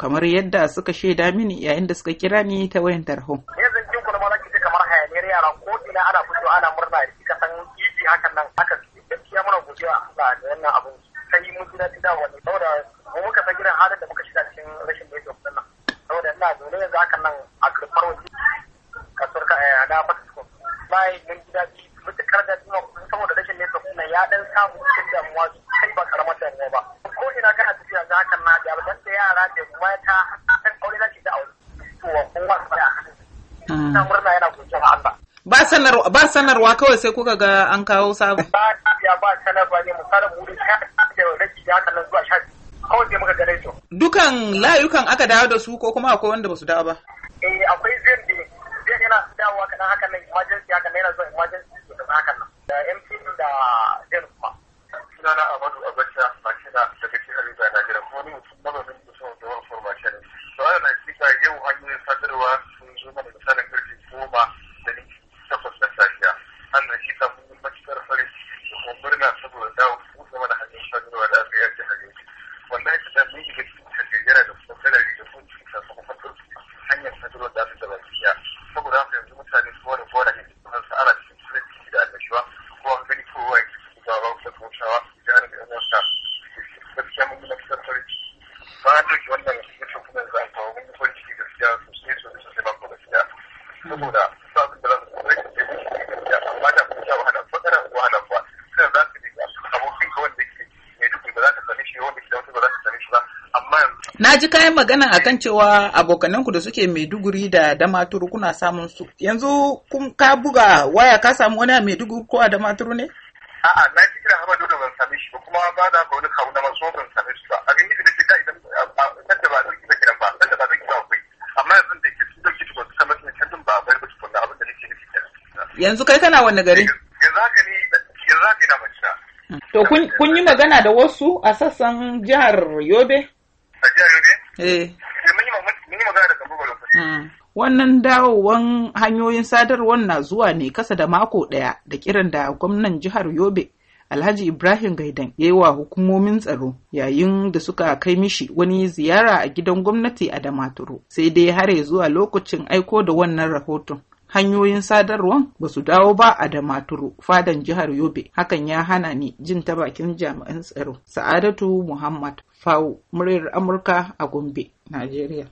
kamar yadda suka shaida mini yayin da suka kira ni ta wayan tarho. Yanzu kin kuma za ki kamar hayaniyar yara ko ina ana fito ana murna da kika san kifi hakan nan haka gaskiya muna godiya ga wannan abun sai mun ji daɗi da wani saboda mu muka san gidan halin da muka shiga cikin rashin lafiya din nan saboda ina zaune yanzu hakan nan a karfar waje kasuwar ka eh, na fata su bai mun ji daɗi mutukar daɗi ma saboda rashin lafiya din nan ya dan samu cikin damuwa sai ba karamar damuwa ba ko ina kana da yara da mata aure ah. na da ba sanarwa kawai sai kuka ga an kawo sabon ba ya ba sanarwa ne wuri da ya zuwa sha kawai sai muka gane to dukan layukan aka dawo da su ko kuma akwai wanda ba su dawo ba eh akwai zan da zan yana dawowa kadan haka nan emergency ya nan yana zuwa emergency sadarwa sun zo mana misalin karfe goma da minti takwas na safiya an shi matuƙar da kuma murna saboda dawo buɗe mana hanyar sadarwa da aka yaji hanyar wannan ita da mun shiga cikin sajjera da kuma sarari da kuma cikin hanyar sadarwa da aka gaba saboda haka yanzu mutane su ne da su ala cikin ciki da annashuwa an gani kowa ya da da ba a wannan saboda na ji kayan magana akan cewa abokananku da suke maiduguri da damaturu kuna samun su yanzu ka buga waya ka samu wani a maiduguri ko a damaturu ne. a'a na ji kira hamadu da ban same shi ba kuma ba da ga wani kawo na masu ban same shi ba abin da ke da idan Yanzu kai kana wani gari? Yanzu haka To kun yi magana da wasu a sassan jihar Yobe? A jihar Yobe? Eh. eh mun yi magana da lokaci. Hmm. Wannan dawowan hanyoyin sadarwar na zuwa ne kasa da mako ɗaya da kiran da gwamnan jihar Yobe Alhaji Ibrahim Gaidan ya yi wa hukumomin tsaro yayin da suka kai mishi wani ziyara a gidan gwamnati a Damaturu sai dai har zuwa lokacin aiko da wannan rahoton hanyoyin sadarwar ba su dawo ba a damaturu fadan jihar yobe hakan ya hana ni jin ta bakin jami'an tsaro sa'adatu muhammad fawo muryar amurka a gombe najeriya